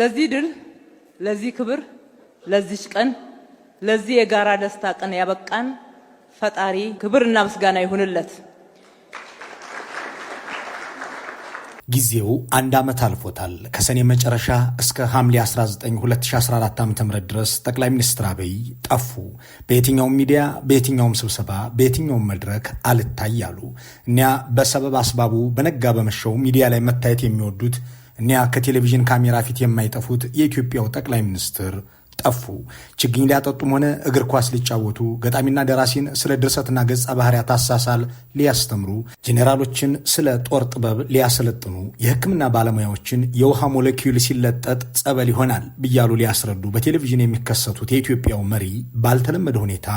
ለዚህ ድል፣ ለዚህ ክብር፣ ለዚች ቀን፣ ለዚህ የጋራ ደስታ ቀን ያበቃን ፈጣሪ ክብርና ምስጋና ይሁንለት። ጊዜው አንድ ዓመት አልፎታል። ከሰኔ መጨረሻ እስከ ሐምሌ 19 2014 ዓ ም ድረስ ጠቅላይ ሚኒስትር አብይ ጠፉ። በየትኛውም ሚዲያ፣ በየትኛውም ስብሰባ፣ በየትኛውም መድረክ አልታይ አሉ። እኒያ በሰበብ አስባቡ በነጋ በመሸው ሚዲያ ላይ መታየት የሚወዱት እኒያ ከቴሌቪዥን ካሜራ ፊት የማይጠፉት የኢትዮጵያው ጠቅላይ ሚኒስትር ጠፉ። ችግኝ ሊያጠጡም ሆነ እግር ኳስ ሊጫወቱ፣ ገጣሚና ደራሲን ስለ ድርሰትና ገጸ ባህርያት አሳሳል ሊያስተምሩ፣ ጄኔራሎችን ስለ ጦር ጥበብ ሊያሰለጥኑ፣ የሕክምና ባለሙያዎችን የውሃ ሞለኪውል ሲለጠጥ ጸበል ይሆናል ብያሉ ሊያስረዱ በቴሌቪዥን የሚከሰቱት የኢትዮጵያው መሪ ባልተለመደ ሁኔታ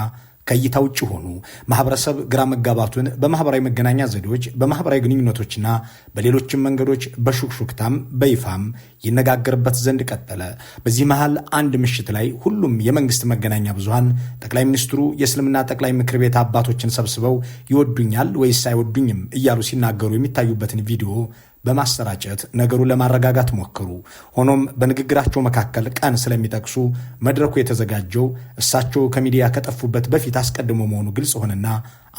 ከእይታ ውጭ ሆኑ። ማህበረሰብ ግራ መጋባቱን በማህበራዊ መገናኛ ዘዴዎች፣ በማህበራዊ ግንኙነቶችና በሌሎችም መንገዶች በሹክሹክታም በይፋም ይነጋገርበት ዘንድ ቀጠለ። በዚህ መሃል አንድ ምሽት ላይ ሁሉም የመንግስት መገናኛ ብዙሃን ጠቅላይ ሚኒስትሩ የእስልምና ጠቅላይ ምክር ቤት አባቶችን ሰብስበው ይወዱኛል ወይስ አይወዱኝም እያሉ ሲናገሩ የሚታዩበትን ቪዲዮ በማሰራጨት ነገሩን ለማረጋጋት ሞክሩ። ሆኖም በንግግራቸው መካከል ቀን ስለሚጠቅሱ መድረኩ የተዘጋጀው እሳቸው ከሚዲያ ከጠፉበት በፊት አስቀድሞ መሆኑ ግልጽ ሆነና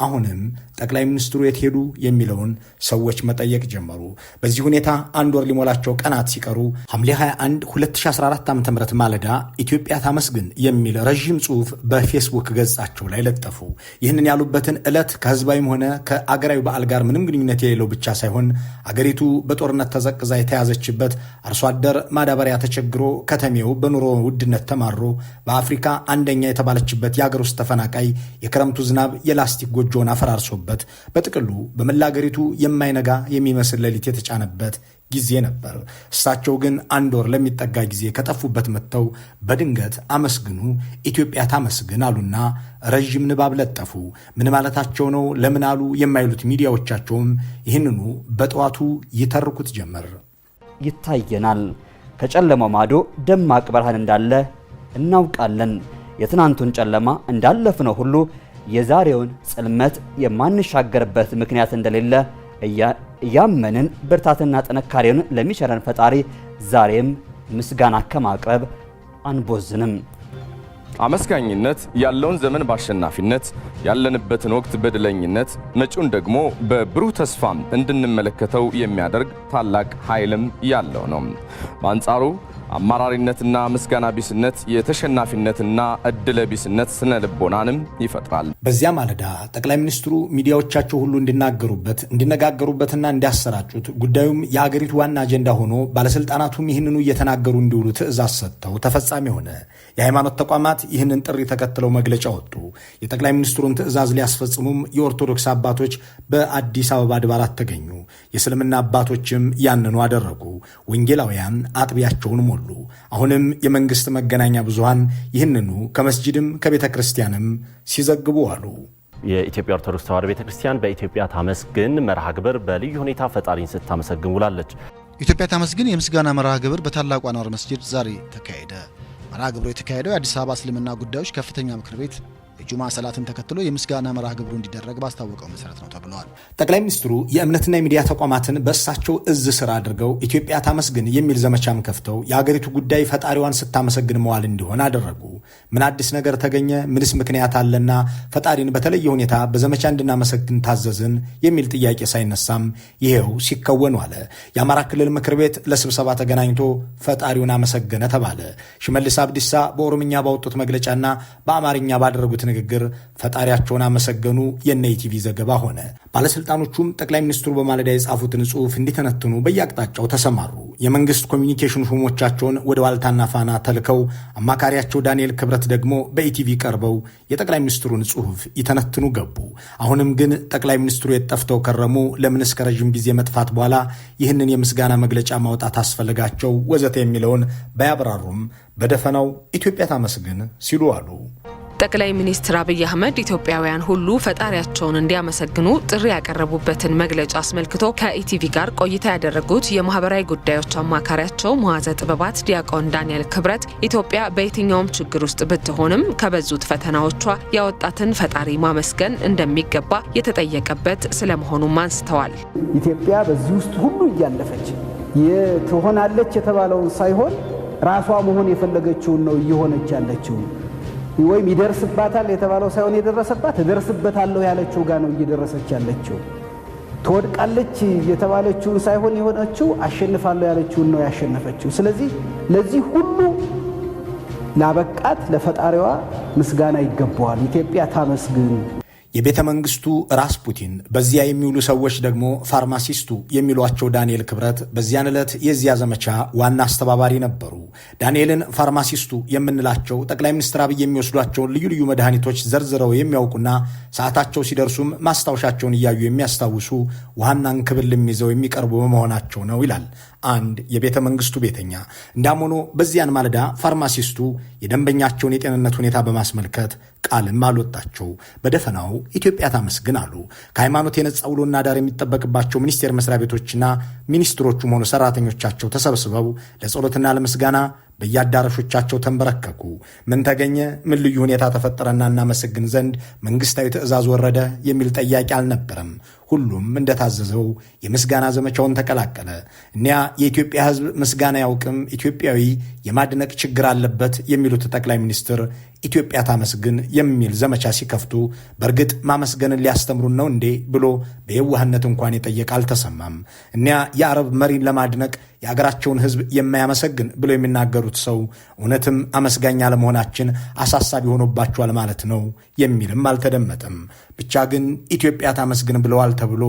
አሁንም ጠቅላይ ሚኒስትሩ የት ሄዱ የሚለውን ሰዎች መጠየቅ ጀመሩ። በዚህ ሁኔታ አንድ ወር ሊሞላቸው ቀናት ሲቀሩ ሐምሌ 21 2014 ዓ ም ማለዳ ኢትዮጵያ ታመስግን የሚል ረዥም ጽሑፍ በፌስቡክ ገጻቸው ላይ ለጠፉ። ይህንን ያሉበትን ዕለት ከህዝባዊም ሆነ ከአገራዊ በዓል ጋር ምንም ግንኙነት የሌለው ብቻ ሳይሆን አገሪቱ በጦርነት ተዘቅዛ የተያዘችበት፣ አርሶ አደር ማዳበሪያ ተቸግሮ ከተሜው በኑሮ ውድነት ተማሮ በአፍሪካ አንደኛ የተባለችበት የአገር ውስጥ ተፈናቃይ የክረምቱ ዝናብ የላስቲክ ጎጆ ጎጆን አፈራርሶበት በጥቅሉ በመላ አገሪቱ የማይነጋ የሚመስል ሌሊት የተጫነበት ጊዜ ነበር። እሳቸው ግን አንድ ወር ለሚጠጋ ጊዜ ከጠፉበት መጥተው በድንገት አመስግኑ ኢትዮጵያ ታመስግን አሉና ረዥም ንባብ ለጠፉ። ምን ማለታቸው ነው? ለምን አሉ? የማይሉት ሚዲያዎቻቸውም ይህንኑ በጠዋቱ ይተርኩት ጀመር። ይታየናል። ከጨለማው ማዶ ደማቅ ብርሃን እንዳለ እናውቃለን። የትናንቱን ጨለማ እንዳለፍነው ሁሉ የዛሬውን ጽልመት የማንሻገርበት ምክንያት እንደሌለ እያመንን ብርታትና ጥንካሬውን ለሚቸረን ፈጣሪ ዛሬም ምስጋና ከማቅረብ አንቦዝንም። አመስጋኝነት ያለውን ዘመን በአሸናፊነት ያለንበትን ወቅት በድለኝነት መጪውን ደግሞ በብሩህ ተስፋም እንድንመለከተው የሚያደርግ ታላቅ ኃይልም ያለው ነው። በአንጻሩ አማራሪነትና ምስጋና ቢስነት የተሸናፊነትና እድለ ቢስነት ስነ ልቦናንም ይፈጥራል። በዚያ ማለዳ ጠቅላይ ሚኒስትሩ ሚዲያዎቻቸው ሁሉ እንዲናገሩበት እንዲነጋገሩበትና እንዲያሰራጩት ጉዳዩም የአገሪቱ ዋና አጀንዳ ሆኖ ባለስልጣናቱም ይህንኑ እየተናገሩ እንዲውሉ ትዕዛዝ ሰጥተው ተፈጻሚ ሆነ። የሃይማኖት ተቋማት ይህንን ጥሪ ተከትለው መግለጫ ወጡ። የጠቅላይ ሚኒስትሩን ትዕዛዝ ሊያስፈጽሙም የኦርቶዶክስ አባቶች በአዲስ አበባ አድባራት ተገኙ። የእስልምና አባቶችም ያንኑ አደረጉ። ወንጌላውያን አጥቢያቸውን ሞሉ። አሁንም የመንግሥት መገናኛ ብዙሃን ይህንኑ ከመስጅድም ከቤተ ክርስቲያንም ሲዘግቡ አሉ። የኢትዮጵያ ኦርቶዶክስ ተዋሕዶ ቤተ ክርስቲያን በኢትዮጵያ ታመስግን መርሃ ግብር በልዩ ሁኔታ ፈጣሪን ስታመሰግን ውላለች። ኢትዮጵያ ታመስግን የምስጋና መርሃ ግብር በታላቁ አንዋር መስጅድ ዛሬ ተካሄደ። መርሃ ግብሩ የተካሄደው የአዲስ አበባ እስልምና ጉዳዮች ከፍተኛ ምክር ቤት ጁማ ሰላትን ተከትሎ የምስጋና መርሃ ግብሩ እንዲደረግ ባስታወቀው መሰረት ነው ተብለዋል። ጠቅላይ ሚኒስትሩ የእምነትና የሚዲያ ተቋማትን በእሳቸው እዝ ስር አድርገው ኢትዮጵያ ታመስግን የሚል ዘመቻም ከፍተው የአገሪቱ ጉዳይ ፈጣሪዋን ስታመሰግን መዋል እንዲሆን አደረጉ። ምን አዲስ ነገር ተገኘ? ምንስ ምክንያት አለና ፈጣሪን በተለየ ሁኔታ በዘመቻ እንድናመሰግን ታዘዝን? የሚል ጥያቄ ሳይነሳም ይሄው ሲከወኑ አለ። የአማራ ክልል ምክር ቤት ለስብሰባ ተገናኝቶ ፈጣሪውን አመሰገነ ተባለ። ሽመልስ አብዲሳ በኦሮምኛ ባወጡት መግለጫና በአማርኛ ባደረጉት ንግግር ንግግር ፈጣሪያቸውን አመሰገኑ የነ ኢቲቪ ዘገባ ሆነ። ባለስልጣኖቹም ጠቅላይ ሚኒስትሩ በማለዳ የጻፉትን ጽሑፍ እንዲተነትኑ በየአቅጣጫው ተሰማሩ። የመንግስት ኮሚኒኬሽን ሹሞቻቸውን ወደ ዋልታና ፋና ተልከው አማካሪያቸው ዳንኤል ክብረት ደግሞ በኢቲቪ ቀርበው የጠቅላይ ሚኒስትሩን ጽሑፍ ይተነትኑ ገቡ። አሁንም ግን ጠቅላይ ሚኒስትሩ የጠፍተው ጠፍተው ከረሙ? ለምንስ ከረዥም ጊዜ መጥፋት በኋላ ይህንን የምስጋና መግለጫ ማውጣት አስፈለጋቸው? ወዘተ የሚለውን ባያብራሩም በደፈናው ኢትዮጵያ ታመስግን ሲሉ አሉ። ጠቅላይ ሚኒስትር አብይ አህመድ ኢትዮጵያውያን ሁሉ ፈጣሪያቸውን እንዲያመሰግኑ ጥሪ ያቀረቡበትን መግለጫ አስመልክቶ ከኢቲቪ ጋር ቆይታ ያደረጉት የማህበራዊ ጉዳዮች አማካሪያቸው መዋዘ ጥበባት ዲያቆን ዳንኤል ክብረት ኢትዮጵያ በየትኛውም ችግር ውስጥ ብትሆንም ከበዙት ፈተናዎቿ ያወጣትን ፈጣሪ ማመስገን እንደሚገባ የተጠየቀበት ስለመሆኑም አንስተዋል። ኢትዮጵያ በዚህ ውስጥ ሁሉ እያለፈች ትሆናለች የተባለውን ሳይሆን ራሷ መሆን የፈለገችውን ነው እየሆነች ያለችውን ወይም ይደርስባታል የተባለው ሳይሆን የደረሰባት እደርስበታለሁ ያለችው ጋር ነው እየደረሰች ያለችው። ትወድቃለች የተባለችውን ሳይሆን የሆነችው አሸንፋለሁ ያለችውን ነው ያሸነፈችው። ስለዚህ ለዚህ ሁሉ ላበቃት ለፈጣሪዋ ምስጋና ይገባዋል። ኢትዮጵያ ታመስግን። የቤተ መንግስቱ ፑቲን በዚያ የሚውሉ ሰዎች ደግሞ ፋርማሲስቱ የሚሏቸው ዳንኤል ክብረት በዚያን ዕለት የዚያ ዘመቻ ዋና አስተባባሪ ነበሩ። ዳንኤልን ፋርማሲስቱ የምንላቸው ጠቅላይ ሚኒስትር አብይ የሚወስዷቸውን ልዩ ልዩ መድኃኒቶች ዘርዝረው የሚያውቁና ሰዓታቸው ሲደርሱም ማስታወሻቸውን እያዩ የሚያስታውሱ ዋናን እንክብል ይዘው የሚቀርቡ በመሆናቸው ነው ይላል አንድ የቤተ መንግስቱ ቤተኛ። እንዳም ሆኖ በዚያን ማለዳ ፋርማሲስቱ የደንበኛቸውን የጤንነት ሁኔታ በማስመልከት ቃልም አልወጣቸው፣ በደፈናው ኢትዮጵያ ታመስግን አሉ። ከሃይማኖት የነጻ ውሎና ዳር የሚጠበቅባቸው ሚኒስቴር መስሪያ ቤቶችና ሚኒስትሮቹም ሆኑ ሰራተኞቻቸው ተሰብስበው ለጸሎትና ለምስጋና በየአዳራሾቻቸው ተንበረከኩ። ምን ተገኘ? ምን ልዩ ሁኔታ ተፈጠረና እናመሰግን ዘንድ መንግስታዊ ትዕዛዝ ወረደ? የሚል ጥያቄ አልነበረም። ሁሉም እንደታዘዘው የምስጋና ዘመቻውን ተቀላቀለ። እኒያ የኢትዮጵያ ሕዝብ ምስጋና ያውቅም፣ ኢትዮጵያዊ የማድነቅ ችግር አለበት የሚሉት ጠቅላይ ሚኒስትር ኢትዮጵያ ታመስግን የሚል ዘመቻ ሲከፍቱ በእርግጥ ማመስገንን ሊያስተምሩን ነው እንዴ ብሎ በየዋህነት እንኳን የጠየቀ አልተሰማም። እኒያ የአረብ መሪን ለማድነቅ የአገራቸውን ህዝብ የማያመሰግን ብሎ የሚናገሩት ሰው እውነትም አመስጋኝ አለመሆናችን አሳሳቢ ሆኖባቸዋል ማለት ነው የሚልም አልተደመጠም። ብቻ ግን ኢትዮጵያ ታመስግን ብለዋል ተብሎ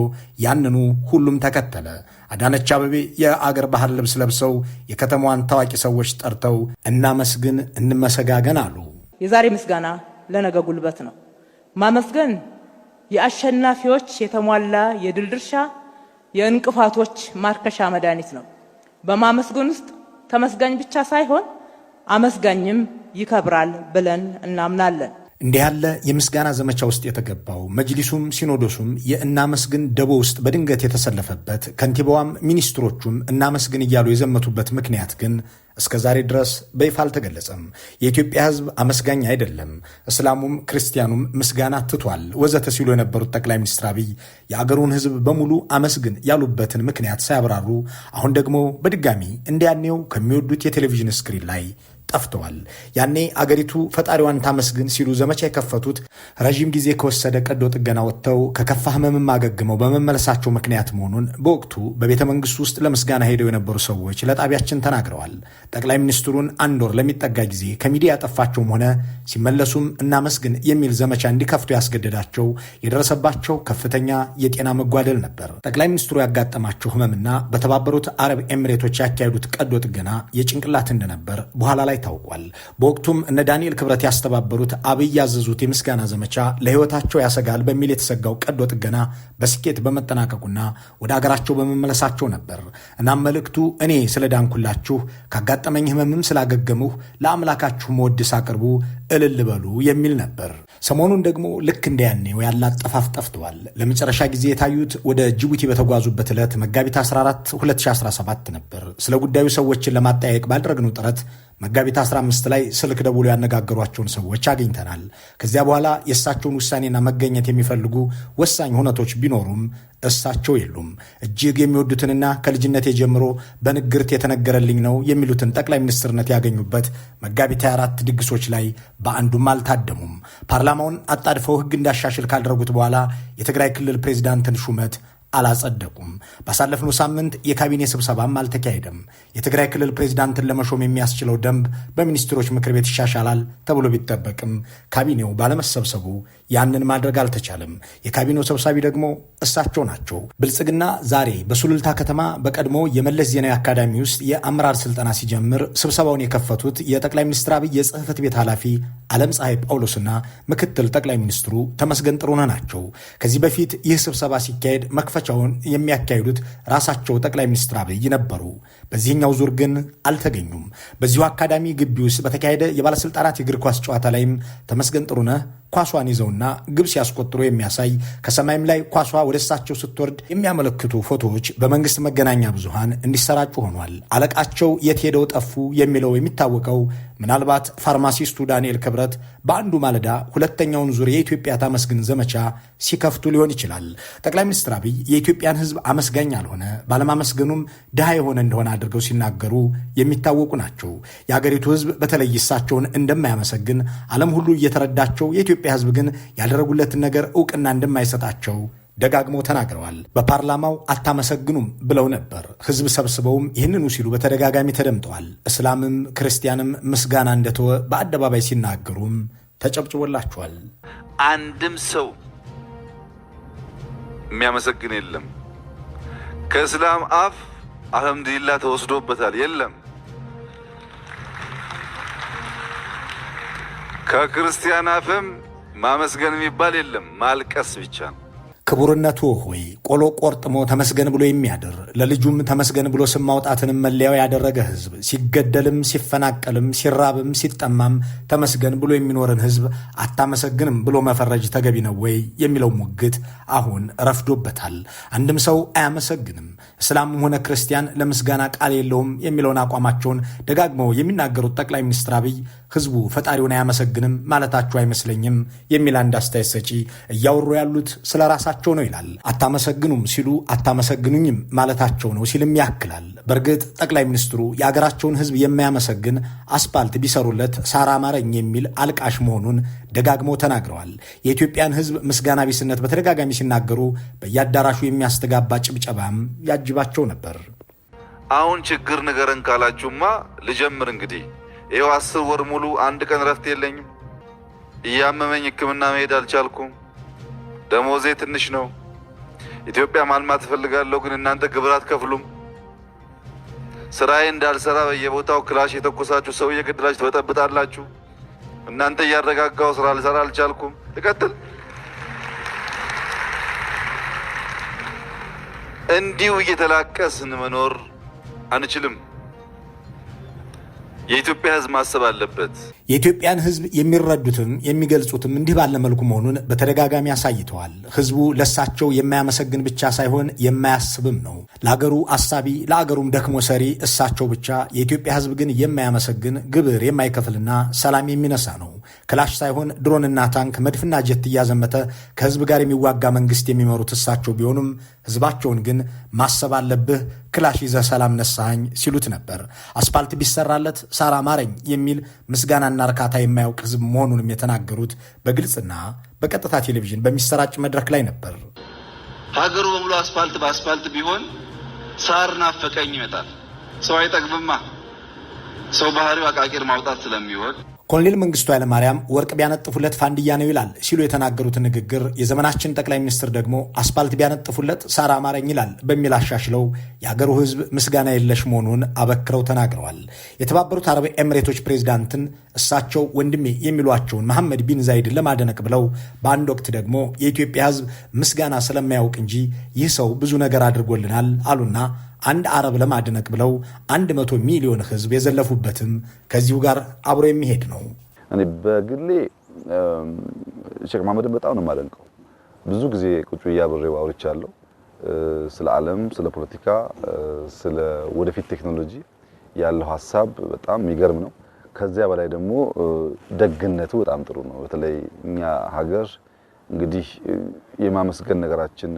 ያንኑ ሁሉም ተከተለ። አዳነች አበቤ የአገር ባህል ልብስ ለብሰው የከተማዋን ታዋቂ ሰዎች ጠርተው እናመስግን፣ እንመሰጋገን አሉ። የዛሬ ምስጋና ለነገ ጉልበት ነው። ማመስገን የአሸናፊዎች የተሟላ የድል ድርሻ፣ የእንቅፋቶች ማርከሻ መድኃኒት ነው። በማመስገን ውስጥ ተመስጋኝ ብቻ ሳይሆን አመስጋኝም ይከብራል ብለን እናምናለን። እንዲህ ያለ የምስጋና ዘመቻ ውስጥ የተገባው መጅሊሱም ሲኖዶሱም የእናመስግን ደቦ ውስጥ በድንገት የተሰለፈበት ከንቲባዋም ሚኒስትሮቹም እናመስግን እያሉ የዘመቱበት ምክንያት ግን እስከ ዛሬ ድረስ በይፋ አልተገለጸም። የኢትዮጵያ ሕዝብ አመስጋኝ አይደለም፣ እስላሙም ክርስቲያኑም ምስጋና ትቷል ወዘተ ሲሉ የነበሩት ጠቅላይ ሚኒስትር አብይ የአገሩን ሕዝብ በሙሉ አመስግን ያሉበትን ምክንያት ሳያብራሩ አሁን ደግሞ በድጋሚ እንዲያኔው ከሚወዱት የቴሌቪዥን ስክሪን ላይ ጠፍተዋል። ያኔ አገሪቱ ፈጣሪዋን ታመስግን ሲሉ ዘመቻ የከፈቱት ረዥም ጊዜ ከወሰደ ቀዶ ጥገና ወጥተው ከከፋ ህመምም አገግመው በመመለሳቸው ምክንያት መሆኑን በወቅቱ በቤተ መንግስቱ ውስጥ ለምስጋና ሄደው የነበሩ ሰዎች ለጣቢያችን ተናግረዋል። ጠቅላይ ሚኒስትሩን አንድ ወር ለሚጠጋ ጊዜ ከሚዲያ ያጠፋቸውም ሆነ ሲመለሱም እናመስግን የሚል ዘመቻ እንዲከፍቱ ያስገደዳቸው የደረሰባቸው ከፍተኛ የጤና መጓደል ነበር። ጠቅላይ ሚኒስትሩ ያጋጠማቸው ህመምና በተባበሩት አረብ ኤሚሬቶች ያካሄዱት ቀዶ ጥገና የጭንቅላት እንደነበር በኋላ ላይ ታውቋል። በወቅቱም እነ ዳንኤል ክብረት ያስተባበሩት አብይ ያዘዙት የምስጋና ዘመቻ ለሕይወታቸው ያሰጋል በሚል የተሰጋው ቀዶ ጥገና በስኬት በመጠናቀቁና ወደ አገራቸው በመመለሳቸው ነበር። እናም መልእክቱ እኔ ስለ ዳንኩላችሁ፣ ካጋጠመኝ ህመምም ስላገገምሁ ለአምላካችሁ መወድስ አቅርቡ፣ እልል በሉ የሚል ነበር። ሰሞኑን ደግሞ ልክ እንደያኔው ያለ አጠፋፍ ጠፍተዋል። ለመጨረሻ ጊዜ የታዩት ወደ ጅቡቲ በተጓዙበት ዕለት መጋቢት 14 2017 ነበር። ስለ ጉዳዩ ሰዎችን ለማጠያየቅ ባደረግነው ጥረት መጋቢት 15 ላይ ስልክ ደውሎ ያነጋገሯቸውን ሰዎች አግኝተናል። ከዚያ በኋላ የእሳቸውን ውሳኔና መገኘት የሚፈልጉ ወሳኝ ሁነቶች ቢኖሩም እሳቸው የሉም። እጅግ የሚወዱትንና ከልጅነቴ ጀምሮ በንግርት የተነገረልኝ ነው የሚሉትን ጠቅላይ ሚኒስትርነት ያገኙበት መጋቢት 24 ድግሶች ላይ በአንዱም አልታደሙም። ፓርላማውን አጣድፈው ሕግ እንዳሻሽል ካደረጉት በኋላ የትግራይ ክልል ፕሬዚዳንትን ሹመት አላጸደቁም። ባሳለፍነው ሳምንት የካቢኔ ስብሰባም አልተካሄደም። የትግራይ ክልል ፕሬዚዳንትን ለመሾም የሚያስችለው ደንብ በሚኒስትሮች ምክር ቤት ይሻሻላል ተብሎ ቢጠበቅም ካቢኔው ባለመሰብሰቡ ያንን ማድረግ አልተቻለም። የካቢኔው ሰብሳቢ ደግሞ እሳቸው ናቸው። ብልጽግና ዛሬ በሱሉልታ ከተማ በቀድሞ የመለስ ዜናዊ አካዳሚ ውስጥ የአመራር ስልጠና ሲጀምር ስብሰባውን የከፈቱት የጠቅላይ ሚኒስትር አብይ የጽህፈት ቤት ኃላፊ ዓለም ፀሐይ ጳውሎስና ምክትል ጠቅላይ ሚኒስትሩ ተመስገን ጥሩነህ ናቸው። ከዚህ በፊት ይህ ስብሰባ ሲካሄድ መክፈ መክፈቻውን የሚያካሂዱት ራሳቸው ጠቅላይ ሚኒስትር አብይ ነበሩ። በዚህኛው ዙር ግን አልተገኙም። በዚሁ አካዳሚ ግቢ ውስጥ በተካሄደ የባለሥልጣናት የእግር ኳስ ጨዋታ ላይም ተመስገን ጥሩነህ ኳሷን ይዘውና ግብ ሲያስቆጥሩ የሚያሳይ ከሰማይም ላይ ኳሷ ወደ እሳቸው ስትወርድ የሚያመለክቱ ፎቶዎች በመንግስት መገናኛ ብዙሃን እንዲሰራጩ ሆኗል። አለቃቸው የት ሄደው ጠፉ የሚለው የሚታወቀው ምናልባት ፋርማሲስቱ ዳንኤል ክብረት በአንዱ ማለዳ ሁለተኛውን ዙር የኢትዮጵያ ታመስግን ዘመቻ ሲከፍቱ ሊሆን ይችላል። ጠቅላይ ሚኒስትር አብይ የኢትዮጵያን ሕዝብ አመስጋኝ አልሆነ ባለማመስገኑም ድሃ የሆነ እንደሆነ አድርገው ሲናገሩ የሚታወቁ ናቸው። የአገሪቱ ሕዝብ በተለይ እሳቸውን እንደማያመሰግን ዓለም ሁሉ እየተረዳቸው የኢትዮጵያ ሕዝብ ግን ያደረጉለትን ነገር እውቅና እንደማይሰጣቸው ደጋግመው ተናግረዋል። በፓርላማው አታመሰግኑም ብለው ነበር። ህዝብ ሰብስበውም ይህንኑ ሲሉ በተደጋጋሚ ተደምጠዋል። እስላምም ክርስቲያንም ምስጋና እንደተወ በአደባባይ ሲናገሩም ተጨብጭቦላቸዋል። አንድም ሰው የሚያመሰግን የለም። ከእስላም አፍ አልሐምዱሊላ ተወስዶበታል የለም። ከክርስቲያን አፍም ማመስገን የሚባል የለም፣ ማልቀስ ብቻ ነው። ክቡርነቱ ሆይ ቆሎ ቆርጥሞ ተመስገን ብሎ የሚያድር ለልጁም ተመስገን ብሎ ስም ማውጣትንም መለያው ያደረገ ሕዝብ ሲገደልም፣ ሲፈናቀልም፣ ሲራብም፣ ሲጠማም ተመስገን ብሎ የሚኖርን ሕዝብ አታመሰግንም ብሎ መፈረጅ ተገቢ ነው ወይ የሚለው ሙግት አሁን ረፍዶበታል። አንድም ሰው አያመሰግንም፣ እስላምም ሆነ ክርስቲያን ለምስጋና ቃል የለውም የሚለውን አቋማቸውን ደጋግመው የሚናገሩት ጠቅላይ ሚኒስትር አብይ ሕዝቡ ፈጣሪውን አያመሰግንም ማለታቸው አይመስለኝም የሚል አንድ አስተያየት ሰጪ እያወሩ ያሉት ስለ ራሳቸው ማለታቸው ነው ይላል። አታመሰግኑም ሲሉ አታመሰግኑኝም ማለታቸው ነው ሲልም ያክላል። በእርግጥ ጠቅላይ ሚኒስትሩ የአገራቸውን ሕዝብ የማያመሰግን አስፓልት ቢሰሩለት ሳራ አማረኝ የሚል አልቃሽ መሆኑን ደጋግመው ተናግረዋል። የኢትዮጵያን ሕዝብ ምስጋና ቢስነት በተደጋጋሚ ሲናገሩ በየአዳራሹ የሚያስተጋባ ጭብጨባም ያጅባቸው ነበር። አሁን ችግር ንገረን ካላችሁማ ልጀምር እንግዲህ ይኸው አስር ወር ሙሉ አንድ ቀን ረፍት የለኝም። እያመመኝ ሕክምና መሄድ አልቻልኩም። ደሞዜ ትንሽ ነው። ኢትዮጵያ ማልማት እፈልጋለሁ፣ ግን እናንተ ግብር አትከፍሉም። ስራዬ እንዳልሰራ በየቦታው ክላሽ የተኮሳችሁ ሰው እየገደላችሁ ትበጠብጣላችሁ። እናንተ እያረጋጋው ስራ ልሰራ አልቻልኩም። ይቀጥል እንዲሁ እየተላቀስን መኖር አንችልም። የኢትዮጵያ ህዝብ ማሰብ አለበት። የኢትዮጵያን ህዝብ የሚረዱትም የሚገልጹትም እንዲህ ባለ መልኩ መሆኑን በተደጋጋሚ አሳይተዋል። ህዝቡ ለሳቸው የማያመሰግን ብቻ ሳይሆን የማያስብም ነው። ለአገሩ አሳቢ፣ ለአገሩም ደክሞ ሰሪ እሳቸው ብቻ፣ የኢትዮጵያ ህዝብ ግን የማያመሰግን ግብር የማይከፍልና ሰላም የሚነሳ ነው። ክላሽ ሳይሆን ድሮንና ታንክ መድፍና ጀት እያዘመተ ከህዝብ ጋር የሚዋጋ መንግስት የሚመሩት እሳቸው ቢሆኑም ህዝባቸውን ግን ማሰብ አለብህ፣ ክላሽ ይዘህ ሰላም ነሳኸኝ ሲሉት ነበር። አስፓልት ቢሰራለት ሳር አማረኝ የሚል ምስጋናና እርካታ የማያውቅ ህዝብ መሆኑንም የተናገሩት በግልጽና በቀጥታ ቴሌቪዥን በሚሰራጭ መድረክ ላይ ነበር። ሀገሩ በሙሉ አስፋልት በአስፋልት ቢሆን ሳር ናፈቀኝ ይመጣል። ሰው አይጠግብማ። ሰው ባህሪው አቃቂር ማውጣት ስለሚወድ ኮሎኔል መንግስቱ ኃይለማርያም ወርቅ ቢያነጥፉለት ፋንድያ ነው ይላል ሲሉ የተናገሩት ንግግር የዘመናችን ጠቅላይ ሚኒስትር ደግሞ አስፓልት ቢያነጥፉለት ሳር አማረኝ ይላል በሚል አሻሽለው የአገሩ ሕዝብ ምስጋና የለሽ መሆኑን አበክረው ተናግረዋል። የተባበሩት አረብ ኤምሬቶች ፕሬዚዳንትን እሳቸው ወንድሜ የሚሏቸውን መሐመድ ቢን ዛይድን ለማደነቅ ብለው በአንድ ወቅት ደግሞ የኢትዮጵያ ሕዝብ ምስጋና ስለማያውቅ እንጂ ይህ ሰው ብዙ ነገር አድርጎልናል አሉና አንድ አረብ ለማድነቅ ብለው አንድ መቶ ሚሊዮን ህዝብ የዘለፉበትም ከዚሁ ጋር አብሮ የሚሄድ ነው። እኔ በግሌ ሼክ መሐመድን በጣም ነው የማደንቀው። ብዙ ጊዜ ቁጭ እያብሬው አብሬው አውርቻለሁ። ስለ ዓለም፣ ስለ ፖለቲካ፣ ስለ ወደፊት ቴክኖሎጂ ያለው ሀሳብ በጣም የሚገርም ነው። ከዚያ በላይ ደግሞ ደግነቱ በጣም ጥሩ ነው። በተለይ እኛ ሀገር እንግዲህ የማመስገን ነገራችን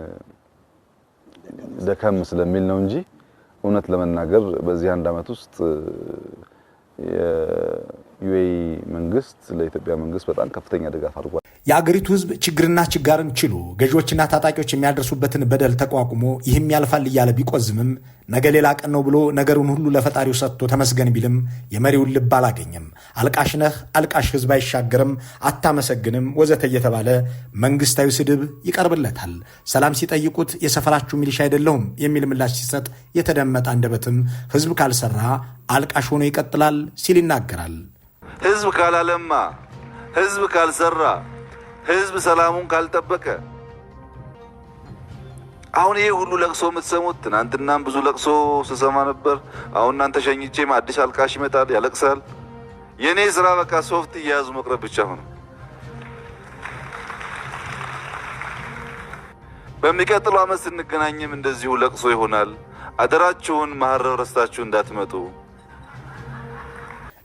ደከም ስለሚል ነው እንጂ እውነት ለመናገር በዚህ አንድ አመት ውስጥ ዩኤኢ መንግስት ለኢትዮጵያ መንግስት በጣም ከፍተኛ ድጋፍ አድርጓል። የአገሪቱ ህዝብ ችግርና ችጋርን ችሎ ገዢዎችና ታጣቂዎች የሚያደርሱበትን በደል ተቋቁሞ ይህም ያልፋል እያለ ቢቆዝምም ነገ ሌላ ቀን ነው ብሎ ነገሩን ሁሉ ለፈጣሪው ሰጥቶ ተመስገን ቢልም የመሪውን ልብ አላገኘም። አልቃሽ ነህ፣ አልቃሽ ህዝብ አይሻገርም፣ አታመሰግንም፣ ወዘተ እየተባለ መንግስታዊ ስድብ ይቀርብለታል። ሰላም ሲጠይቁት የሰፈራችሁ ሚሊሻ አይደለሁም የሚል ምላሽ ሲሰጥ የተደመጠ አንደበትም ህዝብ ካልሰራ አልቃሽ ሆኖ ይቀጥላል ሲል ይናገራል። ህዝብ ካላለማ፣ ህዝብ ካልሰራ፣ ህዝብ ሰላሙን ካልጠበቀ አሁን ይሄ ሁሉ ለቅሶ የምትሰሙት ትናንትናም ብዙ ለቅሶ ስሰማ ነበር። አሁን እናንተ ሸኝቼም አዲስ አልቃሽ ይመጣል ያለቅሳል። የእኔ ስራ በቃ ሶፍት እየያዙ መቅረብ ብቻ ሆነ። በሚቀጥለው ዓመት ስንገናኝም እንደዚሁ ለቅሶ ይሆናል። አደራችሁን መሀረብ ረስታችሁ እንዳትመጡ።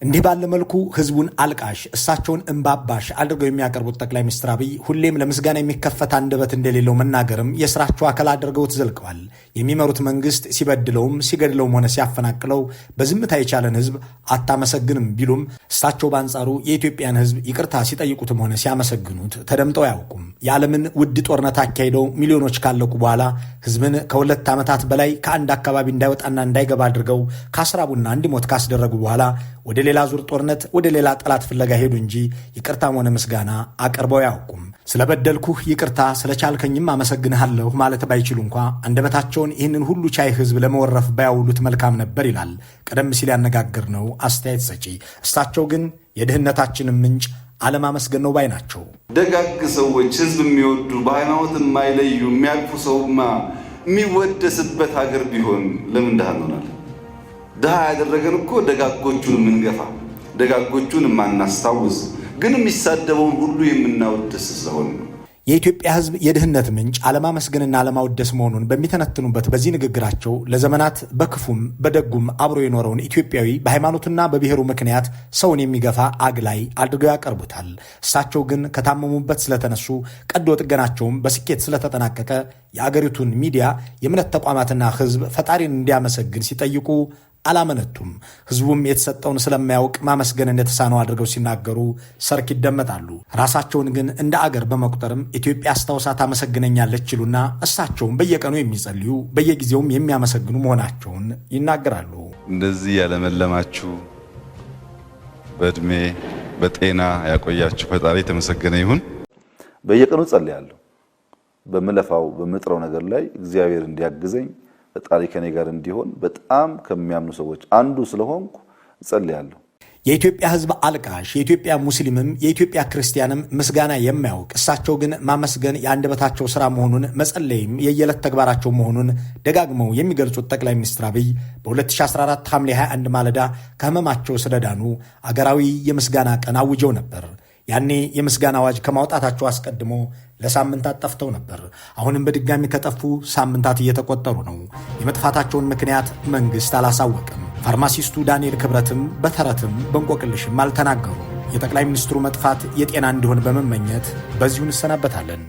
እንዲህ ባለ መልኩ ህዝቡን አልቃሽ እሳቸውን እምባባሽ አድርገው የሚያቀርቡት ጠቅላይ ሚኒስትር አብይ ሁሌም ለምስጋና የሚከፈት አንደበት እንደሌለው መናገርም የስራቸው አካል አድርገውት ዘልቀዋል። የሚመሩት መንግስት ሲበድለውም ሲገድለውም ሆነ ሲያፈናቅለው በዝምታ የቻለን ህዝብ አታመሰግንም ቢሉም እሳቸው በአንጻሩ የኢትዮጵያን ህዝብ ይቅርታ ሲጠይቁትም ሆነ ሲያመሰግኑት ተደምጠው አያውቁም። የዓለምን ውድ ጦርነት አካሂደው ሚሊዮኖች ካለቁ በኋላ ህዝብን ከሁለት ዓመታት በላይ ከአንድ አካባቢ እንዳይወጣና እንዳይገባ አድርገው ካስራቡና እንዲሞት ካስደረጉ በኋላ ወደ ሌላ ዙር ጦርነት፣ ወደ ሌላ ጠላት ፍለጋ ሄዱ እንጂ ይቅርታም ሆነ ምስጋና አቅርበው ያውቁም። ስለበደልኩህ ይቅርታ ስለቻልከኝም አመሰግንሃለሁ ማለት ባይችሉ እንኳ አንደበታቸውን ይህንን ሁሉ ቻይ ህዝብ ለመወረፍ ባያውሉት መልካም ነበር ይላል ቀደም ሲል ያነጋገርነው አስተያየት ሰጪ። እሳቸው ግን የድህነታችንን ምንጭ አለማመስገን ነው ባይ ናቸው። ደጋግ ሰዎች፣ ህዝብ የሚወዱ በሃይማኖት የማይለዩ የሚያልፉ ሰውማ የሚወደስበት ሀገር ቢሆን ለምን ድሃ እንሆናለን? ድሃ ያደረገን እኮ ደጋጎቹን የምንገፋ ደጋጎቹን የማናስታውስ ግን የሚሳደበውን ሁሉ የምናወደስ ስለሆን ነው። የኢትዮጵያ ሕዝብ የድህነት ምንጭ አለማመስገንና አለማወደስ መሆኑን በሚተነትኑበት በዚህ ንግግራቸው ለዘመናት በክፉም በደጉም አብሮ የኖረውን ኢትዮጵያዊ በሃይማኖትና በብሔሩ ምክንያት ሰውን የሚገፋ አግላይ አድርገው ያቀርቡታል። እሳቸው ግን ከታመሙበት ስለተነሱ ቀዶ ጥገናቸውም በስኬት ስለተጠናቀቀ የአገሪቱን ሚዲያ፣ የእምነት ተቋማትና ሕዝብ ፈጣሪን እንዲያመሰግን ሲጠይቁ አላመነቱም። ህዝቡም የተሰጠውን ስለማያውቅ ማመስገን እንደተሳነው አድርገው ሲናገሩ ሰርክ ይደመጣሉ። ራሳቸውን ግን እንደ አገር በመቁጠርም ኢትዮጵያ አስታውሳ ታመሰግነኛለች ይሉና እሳቸውም በየቀኑ የሚጸልዩ በየጊዜውም የሚያመሰግኑ መሆናቸውን ይናገራሉ። እንደዚህ ያለመለማችሁ በእድሜ በጤና ያቆያችሁ ፈጣሪ የተመሰገነ ይሁን። በየቀኑ ጸልያለሁ። በምለፋው በምጥረው ነገር ላይ እግዚአብሔር እንዲያግዘኝ ፈጣሪ ከኔ ጋር እንዲሆን በጣም ከሚያምኑ ሰዎች አንዱ ስለሆንኩ እጸልያለሁ። የኢትዮጵያ ሕዝብ አልቃሽ፣ የኢትዮጵያ ሙስሊምም የኢትዮጵያ ክርስቲያንም ምስጋና የማያውቅ እሳቸው ግን ማመስገን የአንደበታቸው ስራ መሆኑን መጸለይም የየዕለት ተግባራቸው መሆኑን ደጋግመው የሚገልጹት ጠቅላይ ሚኒስትር አብይ በ2014 ሐምሌ 21 ማለዳ ከህመማቸው ስለዳኑ አገራዊ የምስጋና ቀን አውጀው ነበር። ያኔ የምስጋና አዋጅ ከማውጣታቸው አስቀድሞ ለሳምንታት ጠፍተው ነበር። አሁንም በድጋሚ ከጠፉ ሳምንታት እየተቆጠሩ ነው። የመጥፋታቸውን ምክንያት መንግሥት አላሳወቅም። ፋርማሲስቱ ዳንኤል ክብረትም በተረትም በእንቆቅልሽም አልተናገሩም። የጠቅላይ ሚኒስትሩ መጥፋት የጤና እንዲሆን በመመኘት በዚሁ እንሰናበታለን።